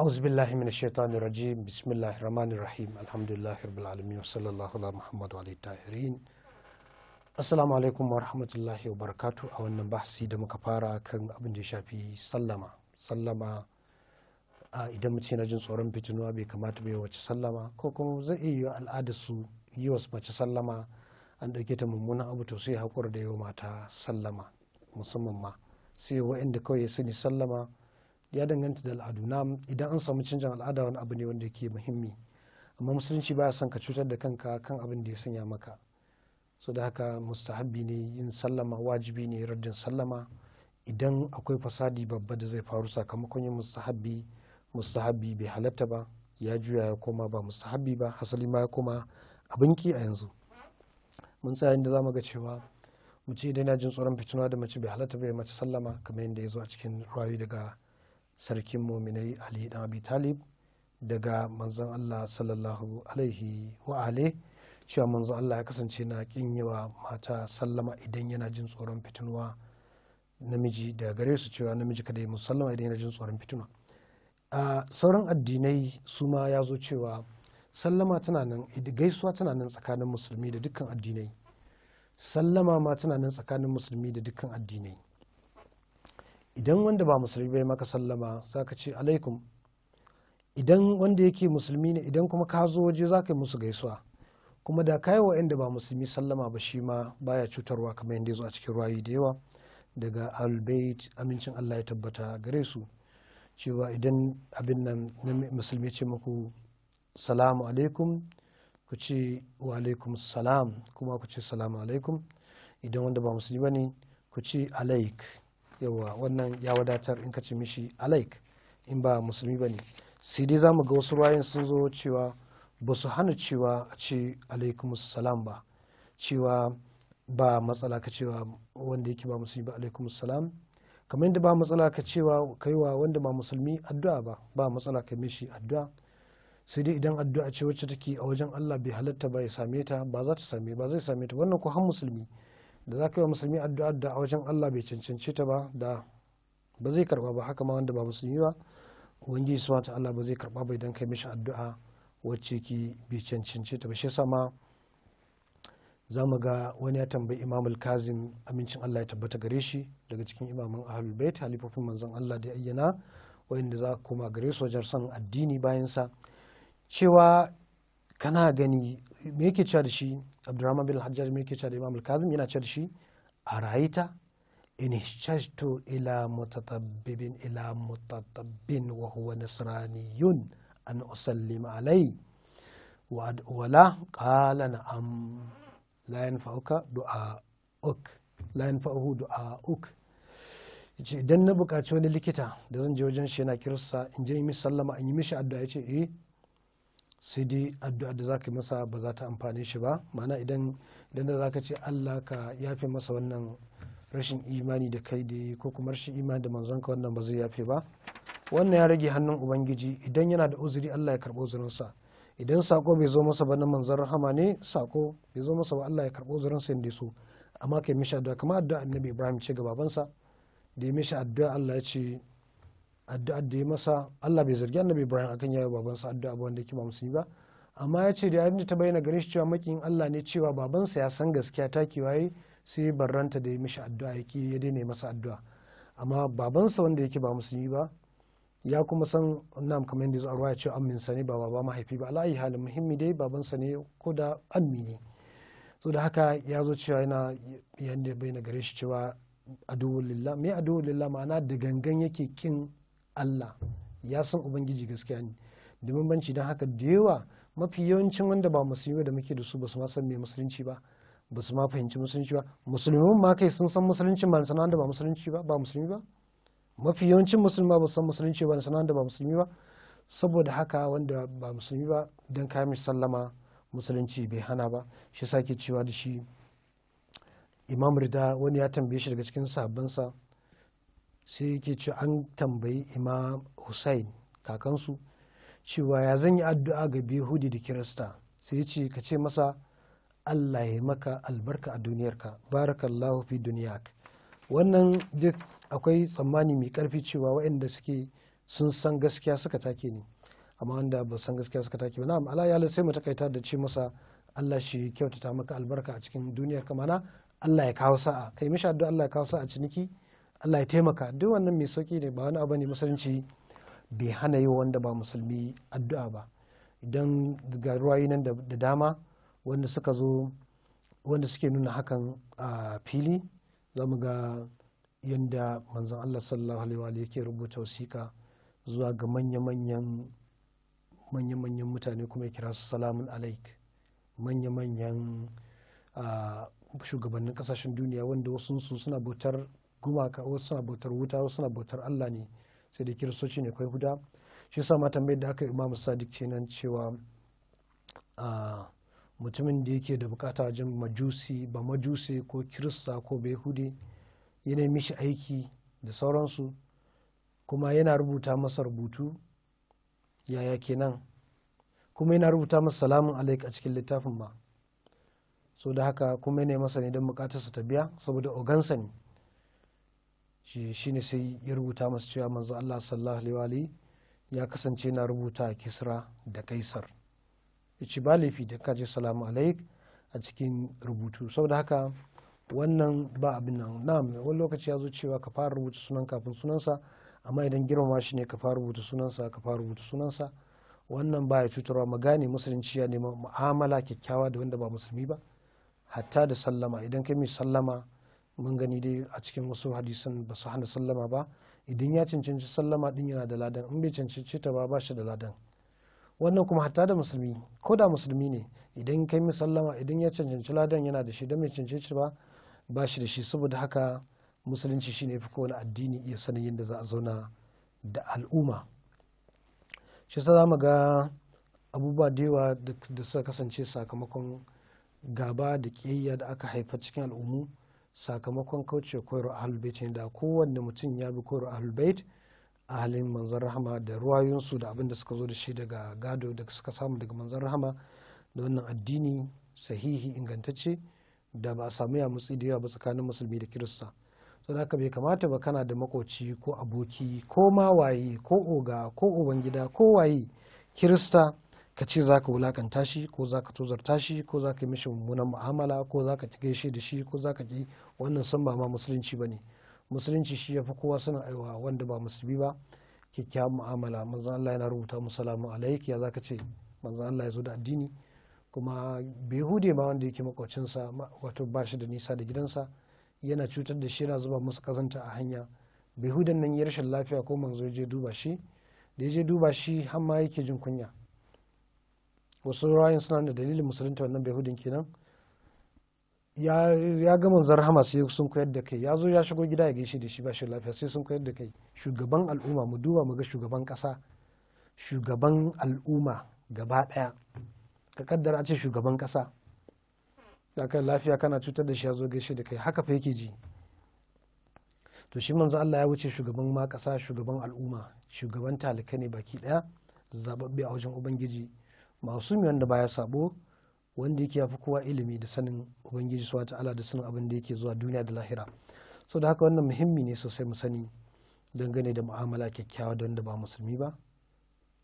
أعوذ بالله من الشيطان الرجيم بسم الله الرحمن الرحيم الحمد لله رب assalamu alaikum wa rahmatullahi wa barakatu a wannan bahasi da muka fara kan abin da ya shafi sallama sallama a idan mutum yana jin tsoron fitinuwa bai kamata bai wace sallama ko kuma zai iya yi al'adar su yi wasu mace sallama an ɗauke ta mummunan abu to sai haƙura da yau mata sallama musamman ma sai wa'anda kawai ya sani sallama ya danganta da al'adu na idan an samu canjin al'ada wani abu ne wanda yake muhimmi amma musulunci baya son ka cutar da kanka kan abin da ya sanya maka so da haka mustahabbi ne yin sallama wajibi ne raddin sallama idan akwai fasadi babba da zai faru sakamakon yin mustahabbi mustahabbi bai halatta ba ya juya ya koma ba mustahabbi ba hasali ma ya koma abin ki a yanzu mun tsaya inda zamu ga cewa mace idan ya jin tsoron fitina da mace bai halatta bai mace sallama kamar yadda ya zo a cikin rayu daga sarkin muminai ali dan abi talib daga manzon allah sallallahu alaihi wa ale cewa manzon allah ya kasance na kin yi wa mata sallama idan yana jin tsoron fitinuwa namiji da gare su cewa namiji kada ya sallama idan yana jin tsoron fitinwa a sauran addinai su ma ya zo cewa sallama tana nan gaisuwa tana nan tsakanin musulmi da dukkan addinai sallama ma tana nan tsakanin musulmi da dukkan addinai idan wanda ba musulmi bai maka sallama za ka ce alaikum idan wanda yake musulmi ne idan kuma ka zo waje za ka yi musu gaisuwa kuma da kayi wa ba musulmi sallama ba shi ma baya cutarwa kamar yadda ya zo a cikin ruwayi da yawa daga albait amincin allah ya tabbata gare su cewa idan abin nan na musulmi ce muku salamu alaikum ku ce wa alaikum salam kuma ku ce salamu alaikum idan wanda ba musulmi ba ne ku ce alaik yawa wannan ya wadatar in ka ci mishi alaik in ba musulmi ba ne sai dai za mu ga wasu ruwayen sun zo cewa ba su hana cewa a ce alaikum salam ba cewa ba matsala ka cewa wanda yake ba musulmi ba alaikum salam kamar yadda ba matsala ka cewa wa wanda ba musulmi addu'a ba ba matsala ka mishi addu'a sai dai idan addu'a ce wacce take a wajen Allah bai halatta ba ya same ta ba za ta same ba zai same ta wannan ko har musulmi da za ka yi wa musulmi addu'a da a wajen Allah bai cancanci ta ba da ba zai karba ba haka ma wanda ba musulmi ba ubangiji suma ta allah ba zai karba ba idan kai mishi addu'a wacce ki bai cancanci ta ba shi yasa ma za mu ga wani ya tambayi imamul kazim amincin allah ya tabbata gare shi daga cikin imaman ahlul bait halifofin manzon allah da ayyana da za koma gare su wajen son addini bayan sa cewa kana gani me yake cewa da shi abdurrahman bin hajjar me yake cewa da imam al-kazim yana cewa da shi a ra'ayita in hishashtu ila mutatabbibin ila mutatabbin wa huwa nasraniyun an usallima alai wa wala qala na am la yanfa'uka du'a uk la yanfa'uhu du'a uk yace idan na buƙaci wani likita da zan je wajen shi yana kirsa in je yi mishi sallama in yi mishi addu'a yace eh sai dai addu'a da zaka masa ba za ta amfane shi ba ma'ana idan idan da zaka ce Allah ka yafe masa wannan rashin imani da kai da ko kuma rashin imani da ka wannan ba zai yafe ba wannan ya rage hannun ubangiji idan yana da uzuri Allah ya karbo uzurinsa idan sako bai zo masa ba na manzon rahama ne sako bai zo masa ba Allah ya karbo uzurinsa inda so amma kai mishi addu'a kamar addu'a annabi Ibrahim ce ga babansa da ya mishi addu'a Allah ya ce addu'ar da ya masa Allah bai zargi annabi Ibrahim akan yayi babansa addu'a ba wanda yake ba musulmi ba amma ya ce da abin da ta bayyana gare shi cewa makin Allah ne cewa babansa ya san gaskiya ta kiwaye sai ya barranta da ya mishi addu'a ya ya daina masa addu'a amma babansa wanda ya yake ba musulmi ba ya kuma san nam kamar yadda a ruwa ya cewa amminsa ne ba baba mahaifi ba ala'ayi halin muhimmi dai babansa ne ko da ammi so da haka ya zo cewa yana yadda bayyana gare shi cewa aduwwul lillah me aduwwul lillah ma'ana da gangan yake kin Allah ya san ubangiji gaskiya ne da banci don haka da yawa mafi yawancin wanda ba musulmi da muke da su ba su ma san me musulunci ba ba su ma fahimci musulunci ba musulmin ma kai sun san musulunci ba sana da ba musulunci ba ba musulmi ba mafi yawancin musulma ba san musulunci ba sana da ba musulmi ba saboda haka wanda ba musulmi ba don kayan mishi sallama musulunci bai hana ba shi sake cewa da shi imam rida wani ya tambaye shi daga cikin sahabbansa sai yake ce an tambayi imam hussain kakansu cewa ya zan yi addu'a ga bihudi da kirista sai ya ce ka ce masa allah ya maka albarka a duniyarka barakallahu fi duniyak wannan duk akwai tsammani mai karfi cewa waɗanda suke sun san gaskiya suka take ne amma wanda ba san gaskiya suka take ba na ala ya sai mu takaita da ce masa Allah shi kyautata maka albarka a cikin duniyar kamana Allah ya kawo sa'a kai mishi addu'a Allah ya kawo sa'a ciniki Allah ya taimaka duk wannan mai sauki ne ba wani abu ne musulunci bai hana yi wanda ba musulmi addu'a ba idan ga ruwayi nan da dama wanda suka zo wanda suke nuna hakan a fili za mu ga yadda manzon Allah sallallahu alaihi wa yake rubuta wasiƙa zuwa ga manya-manyan manya-manyan mutane kuma ya kira su salamun alaik manya-manyan shugabannin kasashen duniya wanda wasu suna bautar gumaka wasu suna bautar wuta wasu suna bautar Allah ne sai da kiristoci ne kai guda shi sa ma tambayar da aka yi imamu sadiq kenan cewa mutumin da yake da bukata wajen majusi ba majusi ko kirista ko behudi yana mishi aiki da sauransu kuma yana rubuta masa rubutu yaya kenan kuma yana rubuta masa salamun alaik a cikin littafin ba so da haka kuma yana masa ne don bukatarsa ta biya saboda ogansa ne shi ne sai ya rubuta masa cewa manzo Allah sallallahu alaihi ya kasance na rubuta kisra da kaisar ci ba laifi da kaje salamu alaik a cikin rubutu saboda haka wannan ba abin nan na'am wani lokaci ya zo cewa ka fara rubuta sunan kafin sunansa amma idan girmama shi ne ka fara rubuta sunansa ka fara rubuta sunansa wannan ba ya cutarwa magani musulunci ya nema mu'amala kyakkyawa da wanda ba musulmi ba hatta da sallama idan kai mai sallama mun gani dai a cikin wasu hadisan ba su hana sallama ba idan ya cancanci sallama din yana da ladan in bai cancanci ta ba ba shi da ladan wannan kuma hatta da musulmi ko da musulmi ne idan kai mai sallama idan ya cancanci ladan yana da shi don bai cancanci ba ba shi da shi saboda haka musulunci shine fi kowane addini iya sanin yadda za a zauna da al'umma shi sa za mu ga abubuwa da yawa da suka kasance sakamakon gaba da kiyayya da aka haifa cikin al'ummu sakamakon kauce koyarwa halibait ne da kowanne mutum ya bi koyarwa halibait a halin manzan rahama da ruwayunsu da abin da suka zo da shi daga gado da suka samu daga manzan rahama da wannan addini sahihi ingantacce da ba a samu ya mutsi da yawa ba tsakanin musulmi da kirista to da bai kamata ba kana da makoci ko aboki ko mawaye ko oga ko ubangida ko waye kirista ka ce za ka wulakanta shi ko za ka tozarta shi ko za ka yi mishi mummunan mu'amala ko za ka gaishe da shi ko za ka wannan san ba ma musulunci ba ne musulunci shi ya fi kowa suna aiwa wanda ba musulmi ba kyakkyawan mu'amala manzan Allah yana rubuta mu salamu alaiki za ka ce manzan Allah ya zo da addini kuma behude ma wanda yake makwacinsa wato ba shi da nisa da gidansa yana cutar da shi yana zuba musu kazanta a hanya behudan nan ya rashin lafiya ko manzo je duba shi da ya je duba shi har ma yake jin kunya wasu ra'ayin suna da dalilin musulunta wannan bai hudun kenan ya ga manzan rahama sai sun koyar da kai ya zo ya shigo gida ya gaishe da shi ba shi lafiya sai sun koyar da kai shugaban al'umma mu duba mu ga shugaban kasa shugaban al'umma gaba daya ka kaddara a ce shugaban kasa da kai lafiya kana cutar da shi ya zo gaishe da kai haka fa yake ji to shi manzo Allah ya wuce shugaban ma kasa shugaban al'umma shugaban talika ne baki daya zababbe a wajen ubangiji masumi wanda baya sabo wanda yake yafi kowa ilimi da sanin ubangiji suwa ala da sanin abin da yake zuwa duniya da lahira so da haka wannan muhimmi ne sosai mu sani dangane da mu'amala kyakkyawa da wanda ba musulmi ba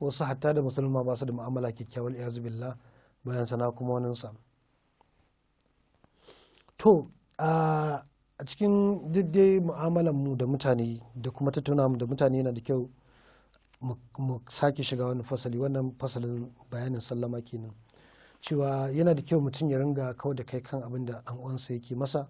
wasu hatta da musulma ba su da mu'amala kyakkyawar iyazu billah bayan sana kuma wani sa to a cikin duk dai mu'amalan mu da mutane da kuma tattauna mu da mutane yana da kyau mu sake shiga wani fasali wannan fasalin bayanin sallama kenan cewa yana da kyau mutum ya ringa kawai da kai kan abin da an uwansa yake masa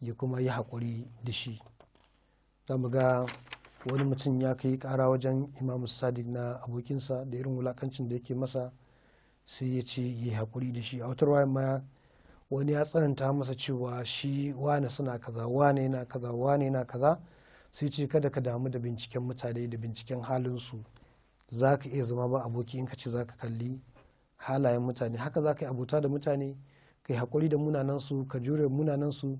ya kuma yi haƙuri da shi za mu ga wani mutum ya kai ƙara wajen imamu sadiq na abokinsa da irin wulakancin da yake masa sai ya ce ya yi haƙuri da shi a wata ruwa ma wani ya tsananta masa cewa shi wane suna kaza wane na kaza wane na kaza sai ce kada ka damu da binciken mutane da binciken halinsu za ka iya zama ba aboki in ka ce za ka kalli halayen mutane haka za ka yi abota da mutane ka yi haƙuri da munanansu ka jure munanansu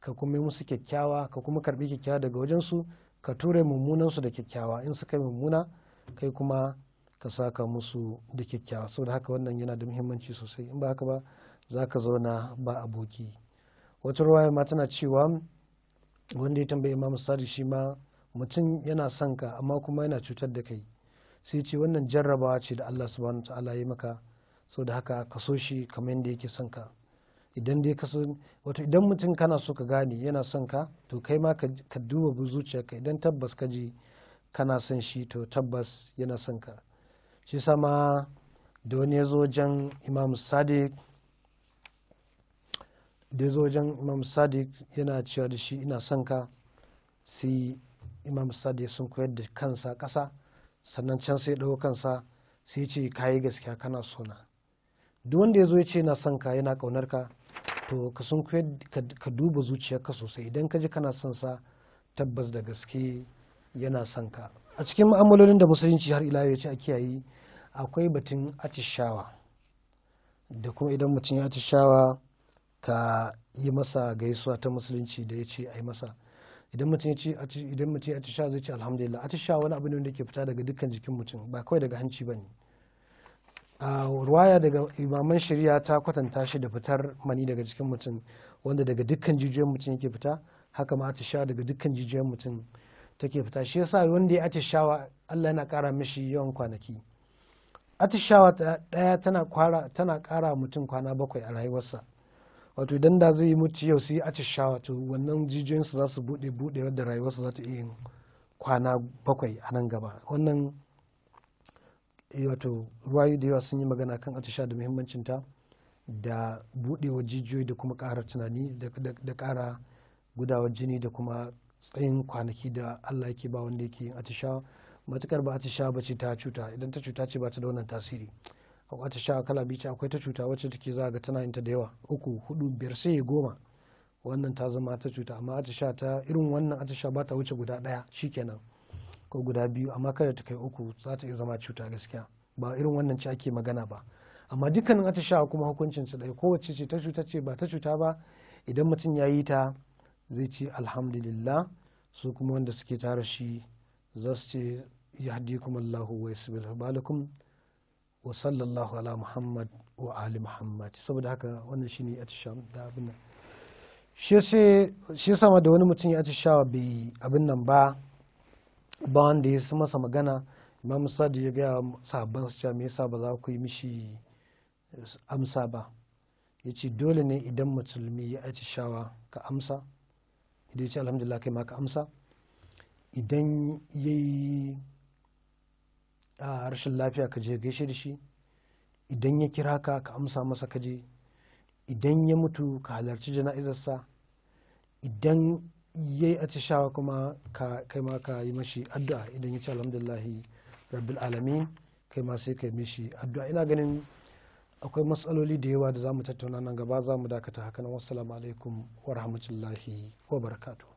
ka kuma yi musu kyakkyawa ka kuma karɓi kyakkyawa daga wajensu ka ture mummunansu da kyakkyawa in suka yi mummuna kai kuma ka saka musu da kyakkyawa saboda haka wannan yana da muhimmanci sosai in ba haka ba za ka zauna ba aboki wata ruwaya ma tana cewa wanda ya tambaye imam sadiq shi ma mutum yana son ka amma kuma yana cutar da kai sai ce wannan jarrabawa ce da Allah subhanahu ta'ala ya maka sau da haka ka so shi kamar yadda yake son ka idan dai ka wato idan mutum kana so ka gane yana son ka to kai ma ka duba zuciyarka idan tabbas ka ji kana son shi to tabbas yana son ka shi sama da wani ya zo wajen imam sadiq da ya zo wajen imam sadiq yana cewa da shi ina son ka sai imam sadiq sun koyar da kansa kasa sannan can sai ɗau kansa sai ce ka yi gaskiya kana sona duk wanda ya zo ya ce yana son ka yana ƙaunar ka to ka sun koyar ka duba zuciyarka sosai idan ka ji kana son sa tabbas da gaske yana son ka a cikin ma'amalolin da musulunci har ila ya ce a kiyaye akwai batun atishawa da kuma idan mutum ya atishawa ka yi masa gaisuwa ta musulunci da ya ce a yi masa idan mutum ya ce idan mutum ya sha zai ce alhamdulillah atisha wani abu ne da ke fita daga dukkan jikin mutum ba kawai daga hanci bane a ruwaya daga imaman shari'a ta kwatanta shi da fitar mani daga jikin mutum wanda daga dukkan jijiyoyin mutum yake fita haka ma atisha daga dukkan jijiyoyin mutum take fita shi yasa wanda ya atishawa Allah yana kara mishi yawan kwanaki atishawa daya tana kara tana kara mutum kwana bakwai a rayuwarsa wato idan da zai yi mutu yau sai a sha wato wannan jijiyoyinsu za su buɗe buɗe wadda rayuwarsu za ta iya yin kwana bakwai a nan gaba wannan eh, wato ruwayu da yawa sun yi magana kan atisha da muhimmancinta da buɗewa jijiyoyi da kuma ƙara tunani da ƙara gudawar jini da kuma tsayin kwanaki da allah yake ba wanda yake yin sha matukar ba sha ba ce ta cuta idan ta cuta ce ba ta da wannan tasiri wata sha kala bice akwai ta cuta wacce take za ga tana yin da yawa uku hudu biyar sai ya goma wannan ta zama ta cuta amma atisha ta irin wannan sha ba ta wuce guda daya shikenan ko guda biyu amma kada ta kai uku za ta iya zama cuta gaskiya ba irin wannan ce ake magana ba amma dukkanin sha kuma hukuncin su daya kowace ce ta cuta ce ba ta cuta ba idan mutum ya yi ta zai ce alhamdulillah su kuma wanda suke tara shi za su ce ya hadi kuma Allahu wa yasbir balakum wa sallallahu ala muhammad wa ali muhammad saboda haka wannan shine atisham da abin nan shi sama da wani mutum ya atishawa bai abin nan ba ba wanda ya su masa magana imam sadu ya gaya sabon su cewa me yasa ba za ku yi mishi amsa ba ya ce dole ne idan musulmi ya atishawa ka amsa idan ya ce alhamdulillah kai ma ka amsa idan ya yi a harshen lafiya ka je gaishe da shi idan ya kira ka ka amsa masa ka je idan ya mutu ka halarci jana'izarsa idan ya yi atishawa kuma ka kai ma ka yi mashi addu'a idan ya ci alhamdulillahi rabbil alamin kai ma sai ka yi mashi addu'a ina ganin akwai matsaloli da yawa da za mu tattauna nan gaba za mu dakata haka nan wassalamu alaikum wa rahmatullahi wa barakatuh